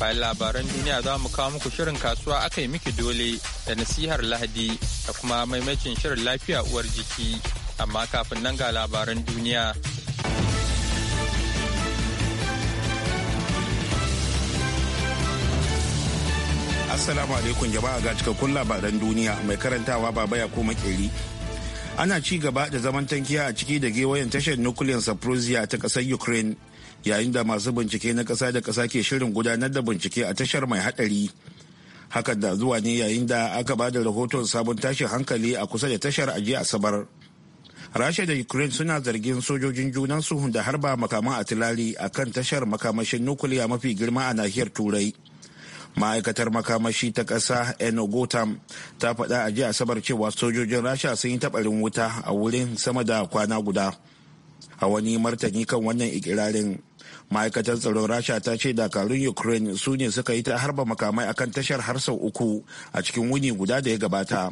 Bayan labaran duniya za mu kawo muku shirin kasuwa aka yi miki dole da nasihar lahadi da kuma maimacin shirin lafiya uwar jiki. Amma kafin nan ga labaran duniya. Assalamu alaikum jama'a ga cikakkun labaran duniya mai karantawa baba ya koma keri. Ana ci gaba da zaman tankiya a ciki da gewayen tashar nukuliyar Saprosia ta ƙasar Ukraine yayin da masu bincike na ƙasa da ƙasa ke shirin gudanar da bincike a tashar mai haɗari hakan da zuwa ne yayin da aka ba da rahoton sabon tashin hankali a kusa da tashar ajiya asabar rasha da ukraine suna zargin sojojin junansu da harba makaman atilali a kan tashar makamashin nukuliya mafi girma a nahiyar turai ma'aikatar makamashi ta ƙasa enogotam ta faɗa a jiya asabar cewa sojojin rasha sun yi taɓarin wuta a wurin sama da kwana guda a wani martani kan wannan ikirarin ma'aikatar tsaron rasha ta ce dakarun ukraine su ne suka yi ta harba makamai akan tashar har uku a cikin wuni guda da ya gabata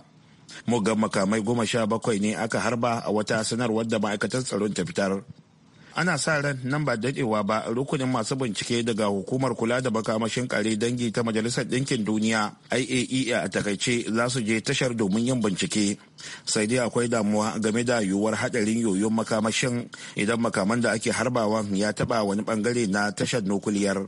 mugan makamai goma sha bakwai ne aka harba a wata sanarwar da ma'aikatar tsaron ta fitar ana sa ran nan ba dadewa ba rukunin masu bincike daga hukumar kula da makamashin kare dangi ta majalisar ɗinkin duniya iaea e a takaice za su je tashar domin yin bincike sai dai akwai damuwa game da yiwuwar hadarin yoyon makamashin idan makaman da ake harbawa ya taba wani bangare na tashar nukuliyar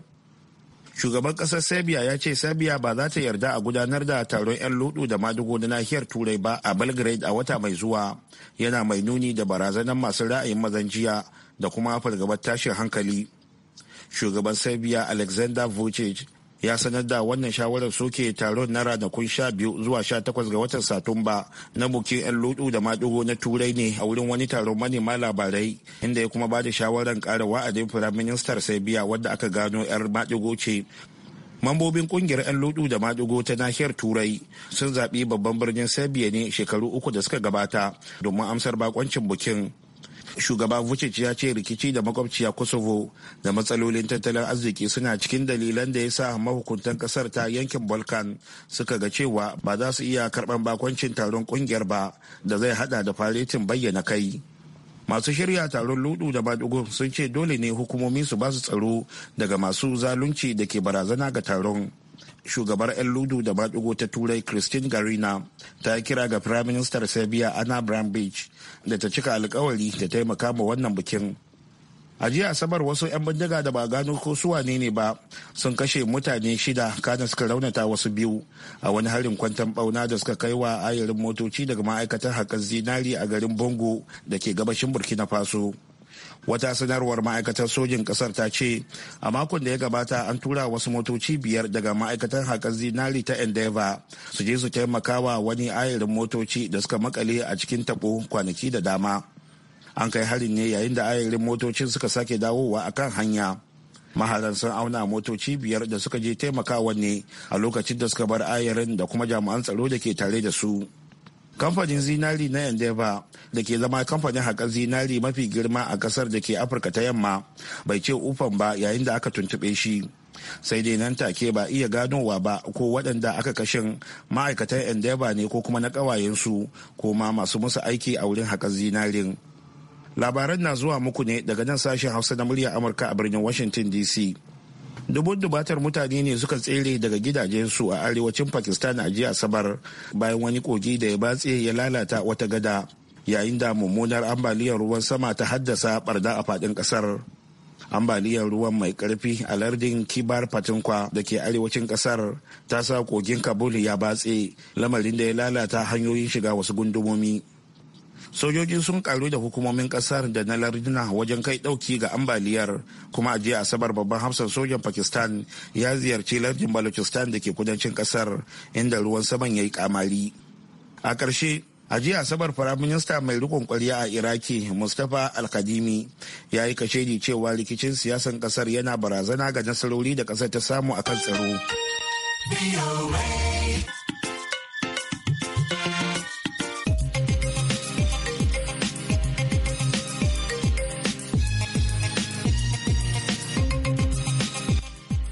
shugaban kasar serbia ya ce serbia ba za ta yarda a gudanar da taron 'yan ludu da madugo na nahiyar turai ba a belgrade a wata mai zuwa yana mai nuni da barazanar masu ra'ayin mazan jiya da kuma fargabar tashin hankali shugaban serbia alexander vucic ya sanar da wannan shawarar soke taron na ranakun sha biyu zuwa sha takwas ga watan satumba na bukin 'yan ludu da maɗigo na turai ne a wurin wani taron manema labarai inda ya kuma ba da shawarar ƙara wa'adin firaministar serbia wadda aka gano 'yar maɗigo ce mambobin kungiyar 'yan ludu da maɗigo ta nahiyar turai sun zaɓi babban birnin serbia ne shekaru uku da suka gabata domin amsar bakoncin bukin shugaba vucic ya ce rikici da makwabciya kosovo da matsalolin tattalin arziki suna cikin dalilan da ya sa mahukuntan kasar ta yankin balkan suka ga cewa ba za su iya karban bakoncin taron kungiyar ba da zai hada da faretin bayyana kai masu shirya taron ludu da badugu sun ce dole ne hukumomi su ba su tsaro daga masu zalunci da ke barazana ga taron shugabar 'yan ludu da maɗigo ta turai christine garina ta yi kira ga firaministar serbia ana beach da ta cika alkawari da taimaka ma wannan bikin a jiya asabar wasu 'yan bindiga da ba gano ko su wane ne ba sun kashe mutane shida kana suka raunata wasu biyu a wani harin kwantan bauna da suka kai wa ayarin motoci daga ma'aikatar haƙar zinari a garin bongo da ke gabashin burkina faso wata sanarwar ma'aikatar sojin kasar ta ce a makon da ya gabata an tura wasu motoci biyar daga ma'aikatar haƙar zinari ta endeavour su je su taimakawa wani ayarin motoci da suka makale a cikin tabo kwanaki da dama an kai harin ne yayin da ayarin motocin suka sake dawowa akan hanya maharan sun auna motoci biyar da suka je taimakawa ne a lokacin da suka bar ayarin da kuma jami'an tsaro da ke tare da su kamfanin zinari na Endeavour da ke zama kamfanin haƙar zinari mafi girma a ƙasar da ke Afirka ta yamma bai ce ufan ba yayin da aka tuntuɓe shi. sai dai nan take ba iya ganowa ba ko waɗanda aka kashin ma'aikatan Endeavour ne ko kuma na ƙawayensu ko ma masu musu aiki a wurin haƙar zinarin. Labaran na zuwa muku ne daga nan sashen Hausa na murya Amurka a birnin Washington DC. dubun dubatar mutane ne suka tsere daga gidajensu a arewacin pakistan a jiya asabar bayan wani kogi da ya batse ya lalata wata gada yayin da mummunar ambaliyar ruwan sama ta haddasa barda a fadin kasar ambaliyar ruwan mai karfi a lardin kibar patinkwa da ke arewacin kasar ta sa kogin kabul ya batse lamarin da ya lalata hanyoyin shiga wasu gundumomi sojoji sun karu da hukumomin kasar da na larduna wajen kai dauki ga ambaliyar kuma jiya asabar babban hafsan sojan pakistan ya ziyarci lardin balochistan da ke kudancin kasar inda ruwan saman ya yi kamari a ƙarshe a jiya asabar firaminista mai rikon kwarya a iraki mustapha alkadimi ya yi kashedi cewa rikicin siyasan kasar yana barazana ga nasarori da kasar ta samu a kan tsaro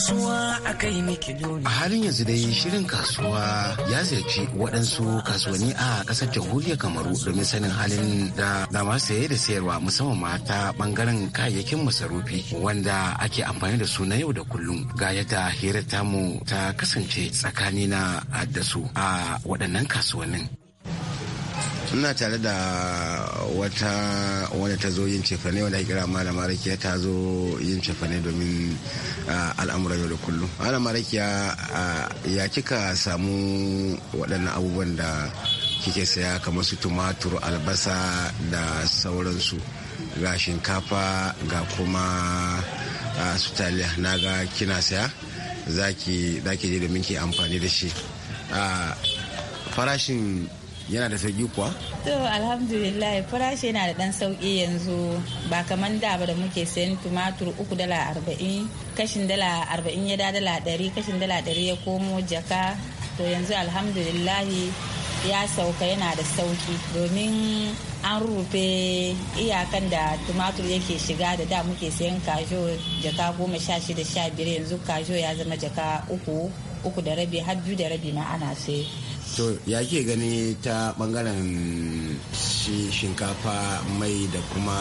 kasuwa a kai A halin yanzu dai shirin kasuwa ya ziyarci waɗansu kasuwanni a ƙasar jamhuriyar Kamaru domin sanin halin da da masu saye da sayarwa musamman ma ta ɓangaren kayayyakin masarufi wanda ake amfani da su na yau da kullum ga yadda hirar tamu ta kasance tsakani na su a waɗannan kasuwannin. suna tare da wata wadda ta zo yin cefane wadda kira malama rakiya ta zo yin cefane domin al'amuran yau da kullum malama rakiya ya kika samu waɗannan abubuwan da kike saya kamar su tumatur albasa da sauransu ga shinkafa ga kuma su taliya na ga kina saya za ki je domin ki amfani da shi farashin yana da sauki kuwa? To alhamdulillah farashi yana da dan sauki yanzu ba kamar da ba da muke sayan tumatur uku dala arba'in kashin dala arba'in ya dala ɗari kashin dala ɗari ya komo jaka to yanzu alhamdulillah ya sauka yana da sauki domin an rufe iyakan da tumatur yake shiga da da muke sayan kajo jaka goma sha shida sha biyar yanzu kajo ya zama jaka uku uku da rabi har biyu da rabi ma ana sai to ya ke gani ta bangaren shi shinkafa mai da kuma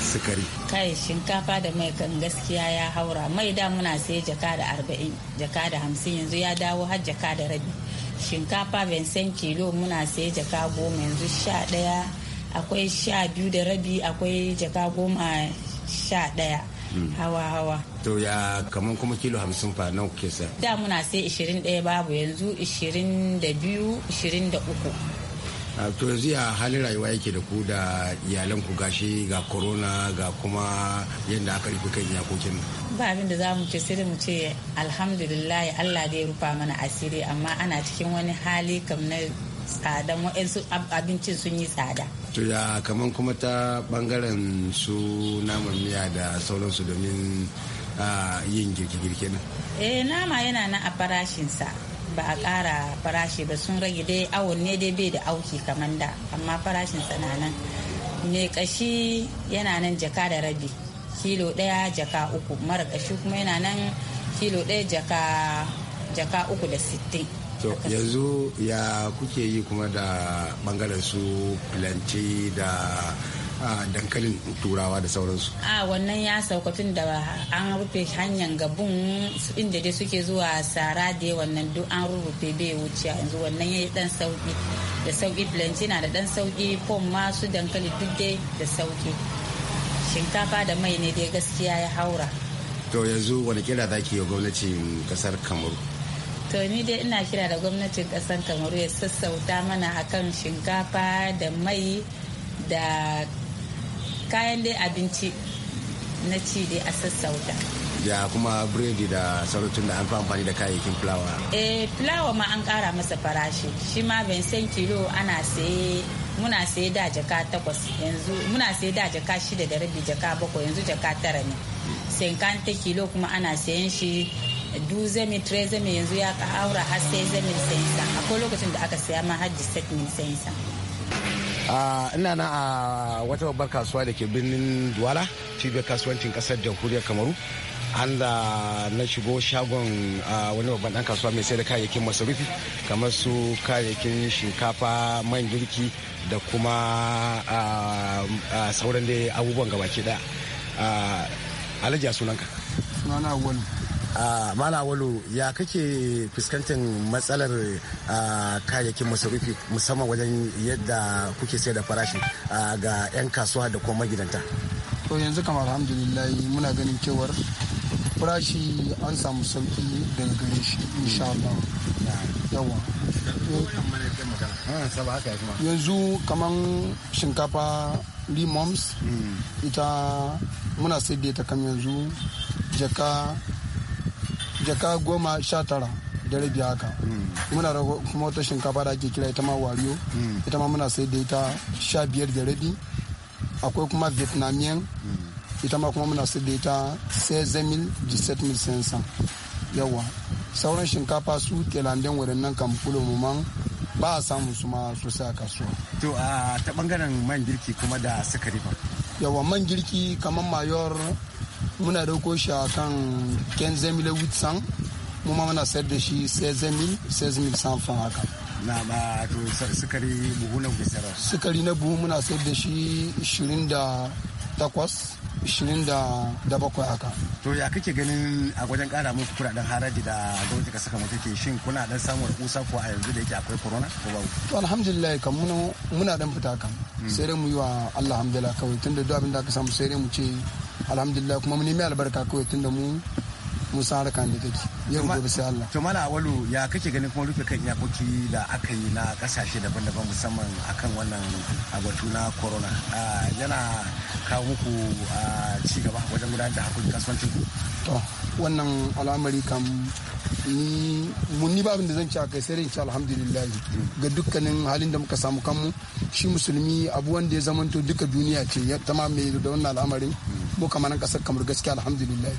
sukari kai shinkafa da mai kan gaskiya ya haura mai da muna sai jaka da arba'in jaka da hamsin yanzu ya dawo har jaka da rabi shinkafa vincent kilo muna sai jaka goma yanzu sha daya akwai sha biyu da rabi akwai jaka goma sha daya hmm. hawa hawa to ya kamar kuma kilo hamsin fa nan kuke sa da muna sai ishirin ɗaya babu yanzu ishirin da biyu ishirin da uku to yanzu ya halin rayuwa yake da ku da iyalan ku gashi ga corona ga kuma yadda aka rufe kan iyakokin ba abin da mu ce sai mu ce alhamdulillah Allah da ya rufa mana asiri amma ana cikin wani hali kam na tsadan waɗansu abincin sun yi tsada to ya kamar kuma ta bangaren su naman miya da sauransu domin yin girke-girke nan? Eh nama yana nan a farashinsa ba a ƙara farashi ba sun rage dai awon ne dai bai da auki kamar da amma farashinsa na nan. Mai kashi yana nan jaka da rabi kilo ɗaya jaka uku mara kashi kuma yana nan kilo ɗaya jaka jaka uku da sittin. to yanzu ya kuke yi kuma da bangaren su planti da dankalin turawa da sauransu a wannan ya sauka tun da an rufe hanyar gabun inda dai suke zuwa sara da wannan duk an rufe bai wuce yanzu wannan ya yi dan sauki da sauki blantina da dan sauki fom masu dankali duk dai da sauki shinkafa da mai ne dai gaskiya ya haura to yanzu wani kira za ki yi gwamnatin kasar kamaru to ni dai ina kira da gwamnatin kasar kamaru ya sassauta mana akan shinkafa da mai da kayan dai abinci na ci dai a sassauta ya kuma biredi da sarautun da an fi amfani da kayayyakin fulawa eh fulawa ma an kara masa farashi shi ma san kilo ana saye muna saye da jaka takwas yanzu muna saye da jaka shida da rabi jaka bakwai yanzu jaka tara ne ta kilo kuma ana sayan shi du zami tre zami yanzu ya ka aura har sai zamin sa akwai lokacin da aka saya ma har set min sa. ina na a wata babbar kasuwa da ke birnin duwala cibiyar kasuwancin kasar jamhuriyar kamaru an da na shigo shagon wani babban dan kasuwa mai sai da kayayyakin masarufi kamar su kayayyakin shinkafa man girki da kuma sauran da abubuwan gabaki daya alhaji sunanka sunana wani malawalu ya kake fuskantar matsalar kayayyakin masarufi musamman wajen yadda kuke sayar da farashi ga 'yan kasuwa da kuma magidanta to yanzu kamar alhamdulillah muna ganin cewar farashi an samu sauki daga gare shi insha Allah yanzu kamar shinkafa limoms hmm. ita muna sai da ta kam yanzu jaka jaka goma sha tara da rabi haka hmm. muna rago kuma wata shinkafa da ake kira ita ma wariyo hmm. ita ma muna sai da ita sha biyar da rabi akwai kuma vietnamian hmm. ita ma kuma muna sai da ita sai zemil jiset mil sensan yawa sauran shinkafa su telandin nan kan fulo mu ba a samu su ma sosai a kasuwa to a ta bangaren man girki kuma da sukari ba yawa man girki kamar mayor muna dauko shi a kan 15,800 mu ma muna sayar da shi 16,000 fan haka na ba to sukari buhu na gusara sukari na buhu muna sayar da shi 28 ishirin da bakwai haka. To ya kake ganin a wajen kara muku kudaden haraji da gwamnati ka saka mutake shin kuna dan samun kusa ko a yanzu da yake akwai corona ko ba To alhamdulillah kam muna muna dan fita kan hmm. Sai dai mu yi wa Allah alhamdulillah kawai tunda duk abin da aka samu sai dai mu ce alhamdulillah kuma mu nemi albarka kawai tunda mu musa san harkan da take yau gobe sai Allah to mala walu ya kake ganin kuma rufe kan iyakoki da aka yi na kasashe daban-daban musamman akan wannan abatu na corona yana kawo muku ci gaba wajen gudanar da hakuri kasuwancin ku to wannan al'amari kam ni mun ni babin da zan ci a kai sai rinci alhamdulillah ga dukkanin halin da muka samu kanmu shi musulmi abu da ya zamanto duka duniya ce ya tama da wannan al'amarin mu kamar kasar kamar gaskiya alhamdulillah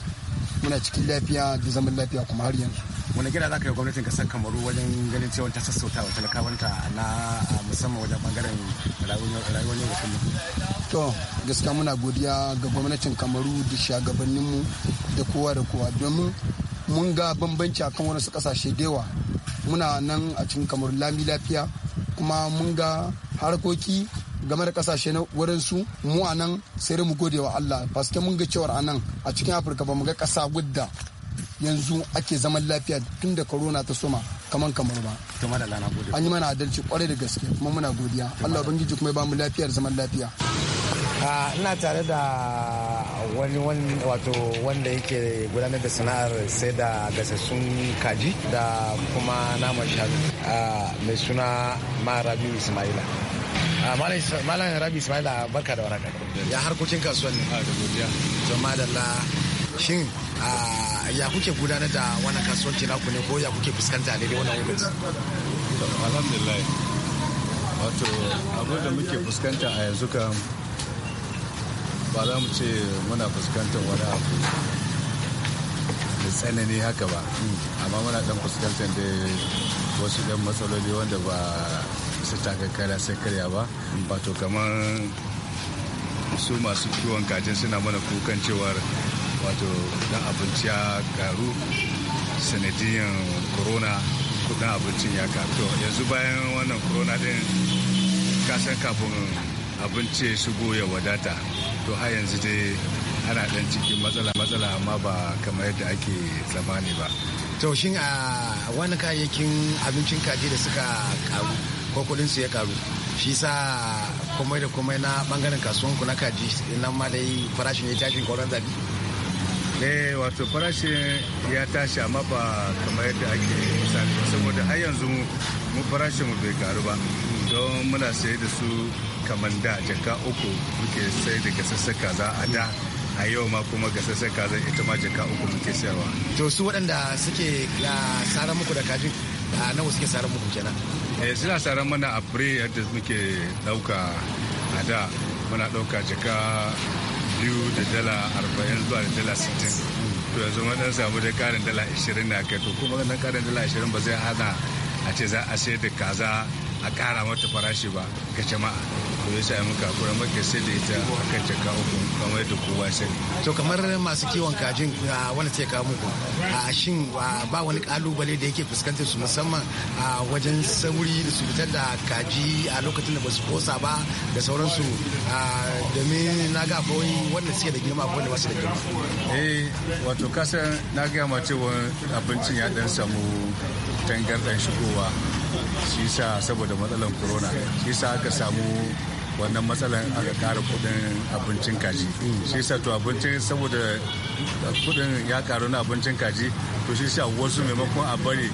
muna cikin lafiya da zaman lafiya kuma har yanzu wani gida za ka yi gwamnatin kasar kamaru wajen ganin cewa ta sassauta wa talakawanta na musamman wajen bangaren rayuwar yau da kullum to gaskiya muna godiya ga gwamnatin kamaru da shugabanninmu da kowa da kowa domin mun ga bambanci akan wani su kasashe da yawa muna nan a cikin kamaru lami lafiya kuma mun ga harkoki game da kasashe na wurin su mu a nan sai mu gode wa Allah paske mun ga cewar a a cikin Afirka ba mu ga kasa gudda yanzu ake zaman lafiya tun da corona ta soma kaman kamar ba an yi mana adalci kwarai da gaske kuma muna godiya Allah ubangiji kuma ya bamu lafiyar zaman lafiya ina tare da wani wato wanda yake gudanar da sana'ar sai da gasassun kaji da kuma naman shanu mai suna marabi ismaila Ah, Malam Rabi Ismaila barka da waraka. Ya harkokin kasuwan ne. Ah, da godiya. To madalla shin ah, ya kuke gudanar da wannan kasuwanci naku ne ko ya kuke fuskanta ne wannan lokaci? Alhamdulillah. Wato abin da muke fuskanta a yanzu kan ba za mu ce muna fuskantar wani abu da tsanani haka ba amma muna dan fuskantar da wasu dan matsaloli wanda ba su taka sai karya ba wato kamar su masu kiwon kajin suna mana kukan cewar wato dan abinci ya karu sanadiyan corona kudin abincin ya karu yanzu bayan wannan corona din kasan kafin abinci su shigo ya wadata to har yanzu dai ana dan cikin matsala-matsala amma ba kamar yadda ake zamani ba to a ah, wani kayayyakin abincin kaji da suka karu ko kudin su ya karu shi sa komai da komai na bangaren kasuwan ku na kaji nan ma dai farashin ya tashi koran zabi eh wato farashin ya tashi amma ba kamar yadda ake misali saboda har yanzu mu farashin mu bai karu ba don muna sayar da su kamar da jaka uku muke sai da gasassaka kaza a da a yau ma kuma gasassar kaza ita ma jaka uku muke sayarwa to su waɗanda suke tsara muku da kajin nawa suke tsara muku kenan Eh, suna tsaron mana a fure yadda muke dauka a da muna dauka jaka biyu da dala arba'in zuwa da dala sittin to yanzu mun samu da karin dala ashirin na kai to kuma nan karin dala ashirin ba zai hana a ce za a sayar da kaza a ƙara mata farashi ba ga jama'a to ya sa muka kura muka sai da ita akan jaka uku kamar yadda kowa sani. to kamar masu kiwon kajin wanda ta kawo muku a shin ba wani kalubale da yake fuskantar su musamman a wajen sauri da su fitar da kaji a lokacin da ba su kosa ba da sauransu domin na ga akwai wanda suke da girma akwai wanda ba su da girma. eh wato kasan na gaya ma cewa abincin ya dan samu dan shigowa shi sa saboda matsalan corona shi sa aka samu wannan matsalan aka kara kudin abincin kaji shi sa to abincin saboda kudin ya karu na abincin kaji to shi sa wasu maimakon a bari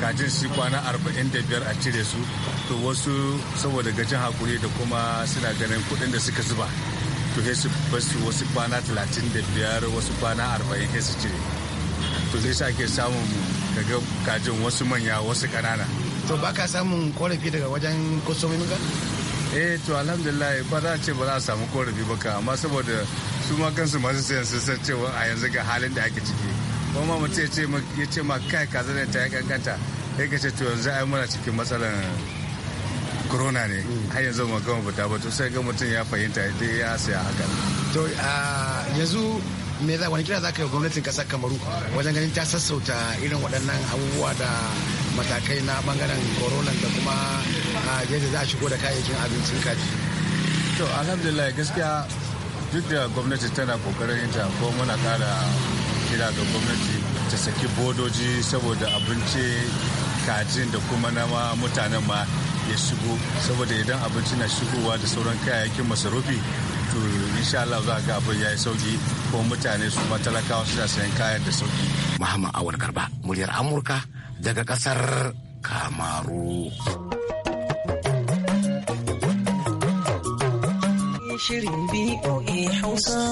kajin shi kwana 45 a cire su to wasu saboda gajin hakuri da kuma suna ganin kudin da suka zuba to sai su basu wasu kwana 35 wasu kwana 40 su cire to zai sa ke samun kaga kajin wasu manya wasu kanana to ba ka samun korafi daga wajen kusurmin ka? eh to alhamdulillah ba za a ce ba za a samu korafi ba ka amma saboda su ma kansu masu sayan sun san cewa a yanzu ga halin da ake ciki kuma mutum ya ce ma kai k'a zane ta ya kankanta ya ka ce to yanzu ai muna cikin matsalan corona ne hmm. har yanzu ma gama fita ba to sai ga mutum ya fahimta ya saya haka to yanzu me za wani kira za ka yi gwamnatin kasar kamaru wajen ganin ta sassauta irin waɗannan abubuwa da matakai na bangaren korolan da kuma ah, yadda za a shigo da kayayyakin abincin kaji to alhamdulillah gaskiya duk da gwamnati tana kokarin ta ko muna kara kira ga gwamnati ta saki bodoji saboda abinci kajin da kuma nama mutanen ma ya shigo saboda idan abinci na shigowa da sauran kayayyakin masarufi to insha Allah za ga abin yayi sauki ko mutane su matalakawa suna sayan kayan da sauki Muhammad Awal Garba muryar Amurka daga kasar kamaru shirin BOA Hausa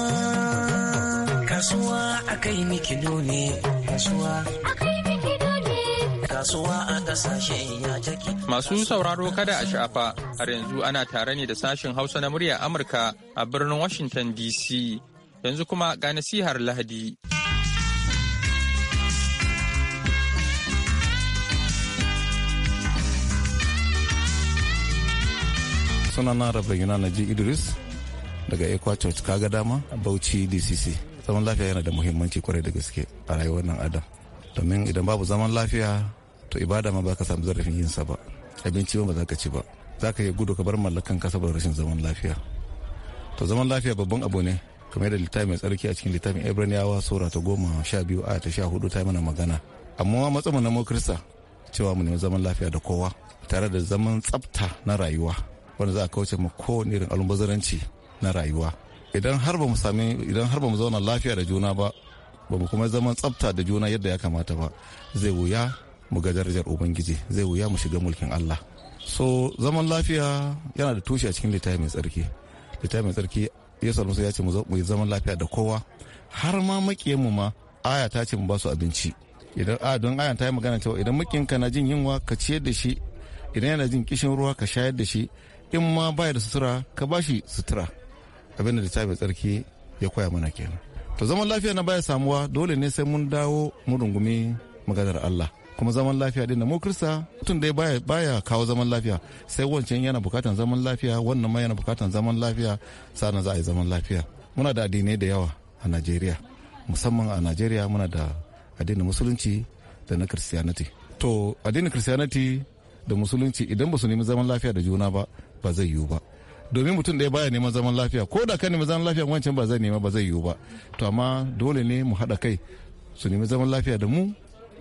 kasuwa akai mikido ne kasuwa Masu sauraro kada a sha'afa har yanzu ana tare ne da sashen Hausa na murya Amurka a birnin Washington DC yanzu kuma ga nasihar Lahadi. sunana rabin na ji idris daga ekwa church kaga dama bauchi dcc zaman lafiya yana da muhimmanci kwarai da gaske a rayuwar nan adam domin idan babu zaman lafiya to ibada ma baka samu zarafin yin sa ba abinci ba za ka ci ba za ka yi gudu ka bar mallakan ka saboda rashin zaman lafiya to zaman lafiya babban abu ne kamar da littafi mai tsarki a cikin littafin ibraniyawa sura ta goma sha biyu a ta sha hudu ta yi mana magana amma matsamu na mu krista cewa mu nemi zaman lafiya da kowa tare da zaman tsafta na rayuwa wanda za a kauce ma kowane irin almubazaranci na rayuwa idan har ba mu sami idan har ba mu zauna lafiya da juna ba ba mu kuma zaman tsafta da juna yadda ya kamata ba zai wuya mu ga darajar ubangiji zai wuya mu shiga mulkin Allah so zaman lafiya yana da tushe a cikin littafi mai tsarki littafi mai tsarki Yesu Almasi ya ce mu yi zaman lafiya da kowa har ma makiyan mu ma aya ta ce mu ba su abinci idan a don aya ta yi magana cewa idan ka na jin yunwa ka ciyar da shi idan yana jin kishin ruwa ka shayar da shi in ma baya da sutura ka ba shi sutura abinda littafi tsarki ya koya mana kenan to zaman lafiya na baya samuwa dole ne sai mun dawo mu rungumi maganar Allah kuma zaman lafiya din da mu kirista mutum dai baya baya kawo zaman lafiya sai wancan yana bukatan zaman lafiya wannan ma yana bukatan zaman lafiya sannan za a yi zaman lafiya muna da addinai da yawa a Najeriya musamman a Najeriya muna da addinin musulunci da na Christianity to addinin Christianity da musulunci idan ba su nemi zaman lafiya da juna ba ba zai yiwu ba domin mutum ɗaya baya neman zaman lafiya ko da ka nemi zaman lafiya wancan ba zai nema ba zai yiwu ba to amma dole ne mu haɗa kai su nemi zaman lafiya da mu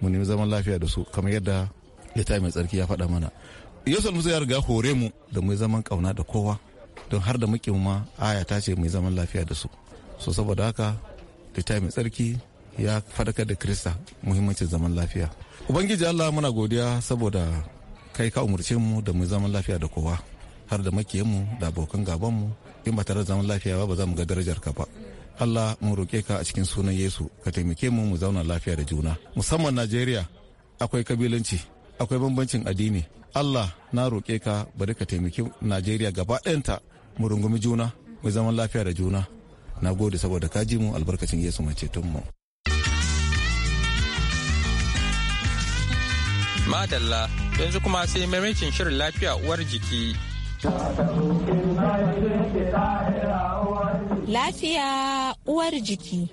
mu nemi zaman lafiya da su kamar yadda littafi mai tsarki ya faɗa mana yesu almusu ya riga hore mu da mu zaman kauna da kowa don har da muke ma aya ta ce mu zaman lafiya da su so saboda haka littafi mai tsarki ya faɗakar da krista muhimmancin zaman lafiya ubangiji allah muna godiya saboda kai ka umarce mu da mu zaman lafiya da kowa har da makiyanmu da abokan gabanmu in ba tare da zaman lafiya ba ba za mu ga darajar ka ba Allah mun roƙe ka a cikin sunan Yesu ka taimake mu mu zauna lafiya da juna musamman Najeriya akwai kabilanci akwai bambancin addini Allah na roƙe ka bari ka taimake Najeriya gaba ɗayanta mu rungumi juna mu zaman lafiya da juna na gode saboda ka ji mu albarkacin Yesu mai ceton mu Madalla yanzu kuma sai maimakin shirin lafiya uwar jiki Lafiya uwar jiki.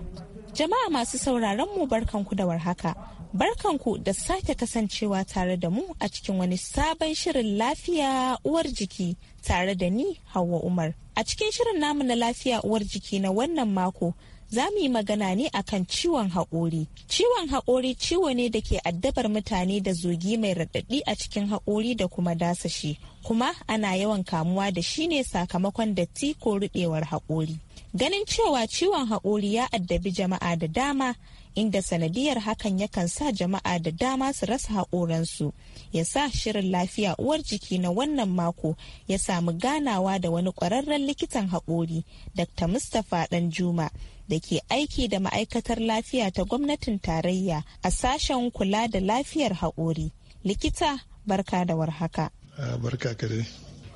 Jama'a masu sauraron mu barkanku da warhaka. Barkanku da sake kasancewa tare da mu a cikin wani sabon shirin lafiya uwar jiki tare da ni Hauwa Umar. A cikin shirin namu na lafiya uwar jiki na wannan mako za mu yi magana ne akan ciwon haƙori. Ciwon haƙori ciwo ne da ke addabar mutane da zogi mai raɗaɗi a cikin haƙori da kuma dasa shi kuma ana yawan kamuwa da shi ne sakamakon datti ko ruɗewar haƙori. Ganin cewa ciwon haƙori ya addabi jama'a da dama, inda sanadiyar hakan yakan sa jama'a da dama su rasa haƙoransu ya sa shirin lafiya uwar jiki na wannan mako ya samu ganawa da wani ƙwararren likitan haƙori dr mustapha ɗan juma da ke aiki da ma'aikatar lafiya ta gwamnatin tarayya a sashen kula da lafiyar haƙori. Likita barka da warhaka. Barka kare.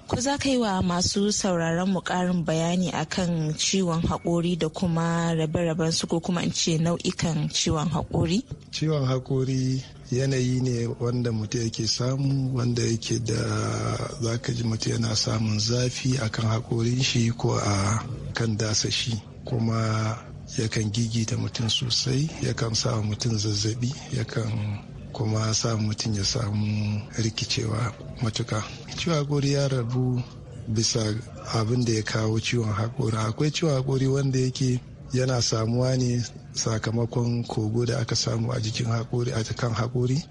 Ku za ka yi wa masu sauraron mu ƙarin bayani akan ciwon haƙori da kuma rabe-raben su ko kuma in ce nau'ikan ciwon haƙori? Ciwon haƙori yanayi ne wanda mutum yake samu wanda yake da za ka ji mutum yana samun zafi akan haƙorin shi ko a kan dasa shi. kuma yakan gigita mutum sosai yakan sa mutum zazzabi yakan kuma sa mutum ya samu rikicewa matuka ciwon hakori ya rabu bisa abin da ya kawo ciwon hakori akwai ciwon hakori wanda yake yana samuwa ne sakamakon kogo da aka samu a jikin haƙori a kan haƙori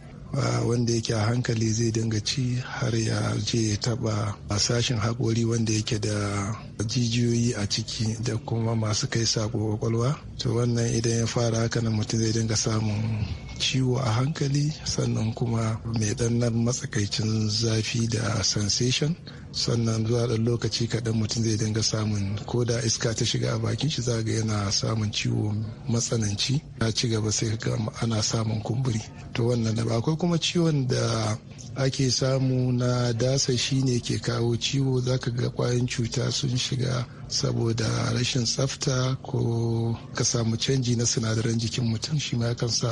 wanda yake a hankali zai dinga ci har ya je ya taba sashen haƙori wanda yake da jijiyoyi a ciki da kuma masu kai sako kwakwalwa to wannan idan ya fara haka nan mutum zai dinga samun ciwo a hankali sannan kuma mai ɗannan matsakaicin zafi da sensation sannan zuwa ɗan lokaci kaɗan mutum zai dinga samun ko da iska ta shiga a bakin shi za ga yana samun ciwo matsananci ya ci gaba sai ga ana samun kumburi to wannan da ba akwai kuma ciwon da ake samu na dasa shi ne ke kawo ciwo zaka ga kwayan cuta sun shiga saboda rashin tsafta ko ka samu canji na sinadaran jikin mutum shi ma yakan sa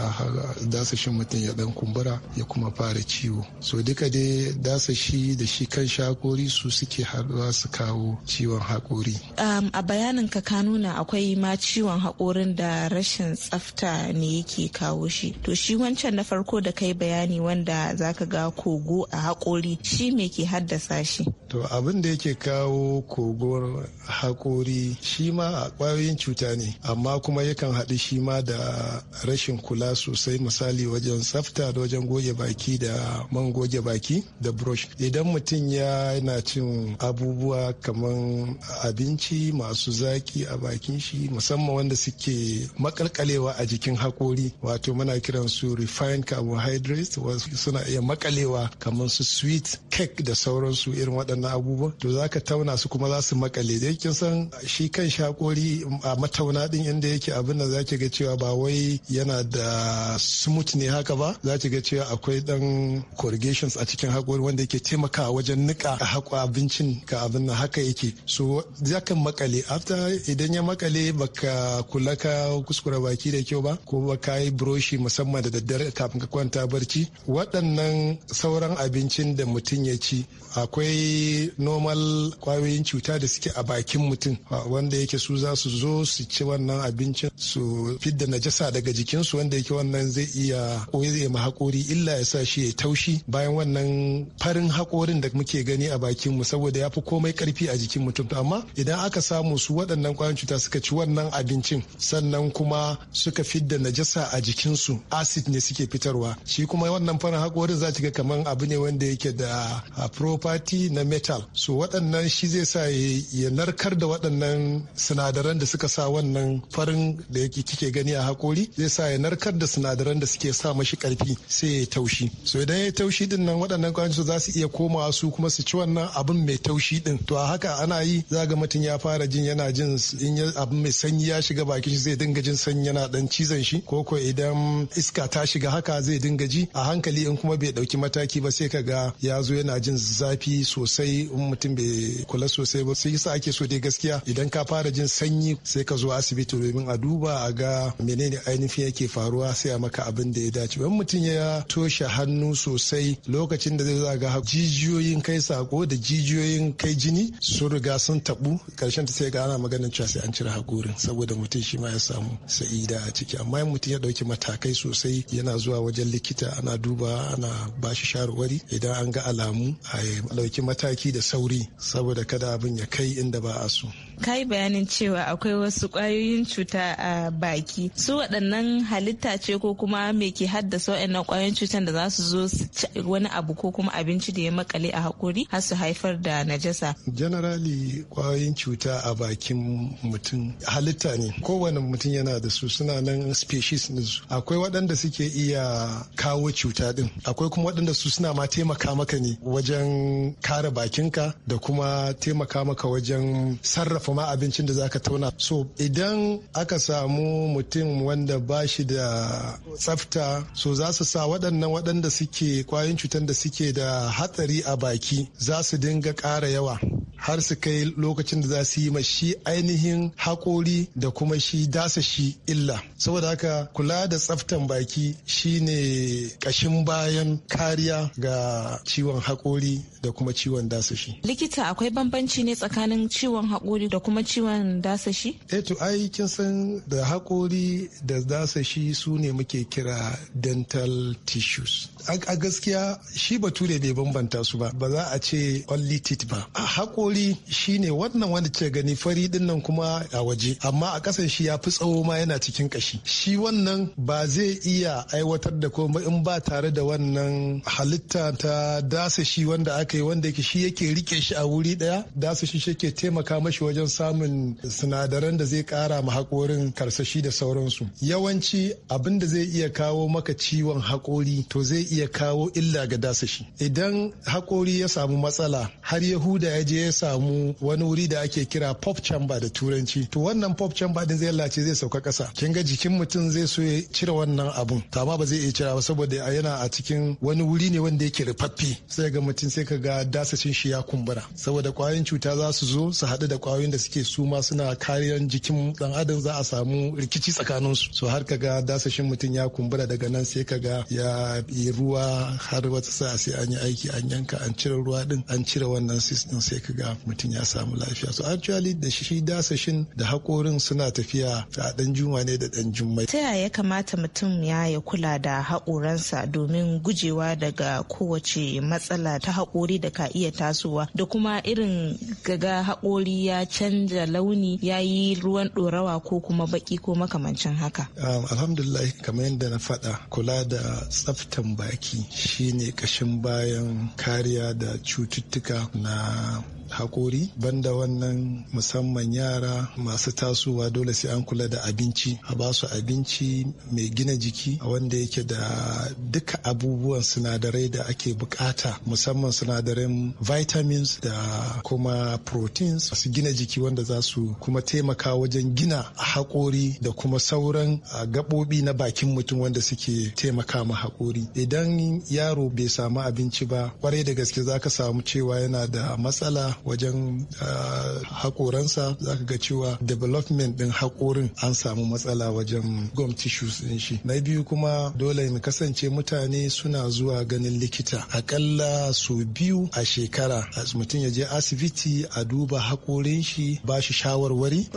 dasashin mutum ya dan kumbura ya kuma fara ciwo so duka dai shi da shi kan shakori su suke haɗuwa su kawo ciwon haƙori um, a bayanin ka ka nuna akwai ma ciwon haƙorin da rashin tsafta ne yake kawo shi to shi wancan na farko da kai bayani wanda zaka ga kogo a hakori shi me ke haddasa shi to abin da yake kawo kogon hakori shi ma a ƙwayoyin cuta ne amma kuma yakan haɗu shi ma da rashin kula sosai misali wajen tsafta da wajen goge baki da man goge baki da brush idan mutum ya yana cin abubuwa kamar abinci masu zaki a bakin shi musamman wanda suke makalkalewa a jikin hakori wato muna kiran su refined cikin carbohydrates wasu suna iya makalewa kamar su sweet cake da sauransu irin waɗannan abubuwa to za ka tauna su kuma za su makale da yake san shi kan shakori a matauna din inda yake abin da za ki ga cewa ba wai yana da smooth ne haka ba za ki ga cewa akwai ɗan corrugations a cikin hakori wanda yake taimakawa wajen nika a haƙo abincin ka abin nan haka yake so ka makale after idan ya makale baka kula ka kuskura baki da kyau ba ko ba ka yi broshi musamman da daddare kafin ka kwanta barci waɗannan sauran abincin da mutum ya ci akwai normal kwayoyin cuta da suke a bakin mutum wanda yake su za su zo su ci wannan abincin su fidda najasa daga jikinsu wanda yake wannan zai iya ya ma haƙori illa ya sa shi ya taushi bayan wannan farin haƙorin da muke gani a bakin mu saboda ya fi komai karfi a jikin mutum amma idan aka samu su waɗannan kwayoyin cuta suka ci wannan abincin sannan kuma suka fidda najasa a jikinsu acid ne suke fita fitarwa shi kuma wannan farin haƙorin za ki ga kamar abu ne wanda yake da ah, property na metal so waɗannan shi zai sa ya narkar da waɗannan sinadaran da suka sa wannan farin da yake kike gani a haƙori zai sa ya narkar da sinadaran da suke sa mashi ƙarfi sai ya taushi so idan ya taushi din nan waɗannan kwanci za su iya komawa su kuma su ci wannan abin mai taushi din to a haka ana yi za ga mutum ya fara jin yana jin in abin mai sanyi ya shiga bakin shi zai dinga jin sanyi yana dan cizon shi ko ko idan iska ta shiga haka haka zai dinga ji a hankali in kuma bai dauki mataki ba sai kaga ya zo yana jin zafi sosai in mutum bai kula sosai ba sai yasa ake so dai gaskiya idan ka fara jin sanyi sai ka zo asibiti domin a duba a ga menene ainihin yake faruwa sai a maka abin da ya dace in mutum ya toshe hannu sosai lokacin da zai zo ga jijiyoyin kai sako da jijiyoyin kai jini sun riga sun tabu karshen ta sai ga ana maganin cewa sai an cire hakorin saboda mutum shi ma ya samu sa'ida a ciki amma in mutum ya dauki matakai sosai yana zuwa wajen likita ana duba ana ba shi shawarwari idan an ga alamu a ɗauki mataki da sauri saboda kada abin ya kai inda ba a so. ka yi bayanin cewa akwai wasu kwayoyin cuta a baki su waɗannan halitta ce ko kuma me ke haddasa waɗannan kwayoyin cutan da za su zo su wani abu ko kuma abinci da ya makale a hakori har su haifar da najasa generally kwayoyin cuta a bakin mutum halitta ne kowane mutum yana da su suna nan species ne akwai waɗanda suke iya kawo cuta din akwai kuma waɗanda su suna ma taimaka maka ne wajen kare bakinka da kuma taimaka maka wajen sarrafa kuma abincin da zaka tauna so idan aka samu mutum wanda ba shi da tsafta so za su sa waɗannan waɗanda suke kwayoyin cutar da suke da hatsari a baki za su dinga ƙara yawa har su kai lokacin da za su yi ma shi ainihin haƙori da kuma shi dasa shi illa saboda haka kula da tsaftan baki shine ƙashin bayan kariya ga ciwon haƙori da kuma ciwon dasa shi. likita akwai bambanci ne tsakanin ciwon haƙori da kuma ciwon dasa shi? eh to ai kin san da haƙori da dasa shi su ne muke kira dental tissues a gaskiya shi bature bai bambanta su ba ba za a ce only teeth ba a haƙori wuri shine wannan wanda ke gani fari dinnan kuma a waje amma a kasan shi ya fi tsawo ma yana cikin kashi shi wannan ba zai iya aiwatar da komai in ba tare da wannan halitta ta dasa shi wanda aka yi wanda shi yake rike shi a wuri daya dasa shi yake taimaka mashi wajen samun sinadaran da zai kara ma haƙorin karsashi da sauransu yawanci abin da zai iya kawo maka ciwon haƙori to zai iya kawo illa ga dasa shi idan haƙori ya samu matsala har yahuda ya je ya samu wani wuri da ake kira pop chamber da turanci to wannan pop chamber din zai lalace zai sauka kasa kin ga jikin mutum zai so ya cire wannan abun to amma ba zai iya cira ba saboda yana a cikin wani wuri ne wanda yake rufaffe sai ga mutum sai ka ga dasashin shi ya kumbura saboda kwayoyin cuta za su zo su haɗu da kwayoyin da suke suma suna kariyar jikin dan adam za a samu rikici tsakanin su so har ka ga dasashin mutum ya kumbura daga nan sai ka ga ya yi ruwa har wata sa'a sai an yi aiki an yanka an cire ruwa din an cire wannan sis sai ka ga ga mutum ya samu lafiya so actually da shi dasashin da hakorin suna tafiya a dan juma ne da dan jummai ta ya kamata mutum ya ya kula da hakoransa domin gujewa daga kowace matsala ta hakori da ka iya tasowa da kuma irin gaga hakori ya canja launi ya yi ruwan ɗorawa ko kuma baki ko makamancin haka um, alhamdulillah kamar yadda na faɗa kula da tsaftan baki shine ƙashin bayan kariya da cututtuka na hakori banda wannan musamman yara masu tasowa dole sai an kula da abinci a ba su abinci mai gina jiki wanda yake da duka abubuwan sinadarai da ake bukata musamman sinadaran vitamins da kuma proteins su gina jiki wanda za su kuma taimaka wajen gina hakori da kuma sauran gaɓoɓi na bakin mutum wanda suke taimaka ma hakori idan yaro bai samu abinci ba kwarai da gaske za ka samu cewa yana da matsala wajen ah, haƙoransa za ka ga cewa development ɗin haƙorin an samu matsala wajen gum tissues ɗin shi na biyu kuma dole mu kasance mutane suna zuwa ganin likita akalla su biyu a shekara mutum ya je asibiti a duba haƙorin shi ba shi shawarwari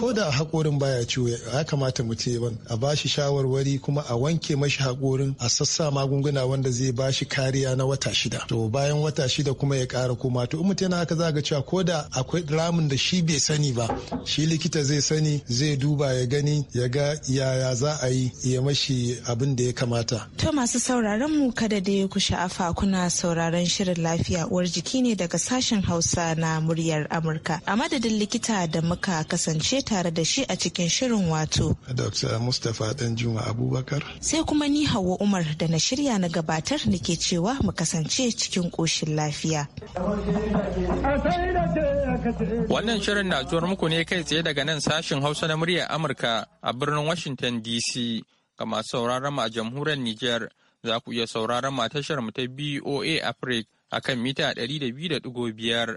ko da haƙorin baya ciwo ya kamata mutum a ba shi shawarwari kuma a wanke mashi haƙorin a sassa magunguna wanda zai ba shi kariya na wata shida to bayan wata shida kuma ya ƙara kuma wato to in mutum yana haka za ga cewa ko da akwai ramin da shi bai sani ba shi likita zai sani zai duba ya gani ya ga yaya za a yi ya mashi abin da ya kamata. To masu sauraron mu kada da ku afa kuna sauraron shirin lafiya uwar jiki ne daga sashen Hausa na muryar Amurka. A madadin likita da muka kasance tare da shi a cikin shirin wato. Dr. Mustapha Danjuma Abubakar. Sai kuma ni Hauwa Umar da na shirya na gabatar nake cewa mu kasance cikin ƙoshin lafiya. Wannan shirin na zuwar muku ne kai tsaye daga nan sashin Hausa na muryar Amurka a birnin Washington DC. Ga masu sauraron mu a jamhuriyar Nijar za ku iya sauraron ma tashar mu ta BOA Africa a kan mita 200.5.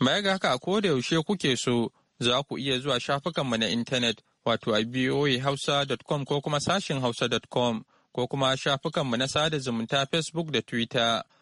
Baya ga haka ko da yaushe kuke so za ku iya zuwa shafukan mu na intanet wato a boahausa.com ko kuma sashin hausa.com ko kuma shafukan mu na sada zumunta Facebook da Twitter.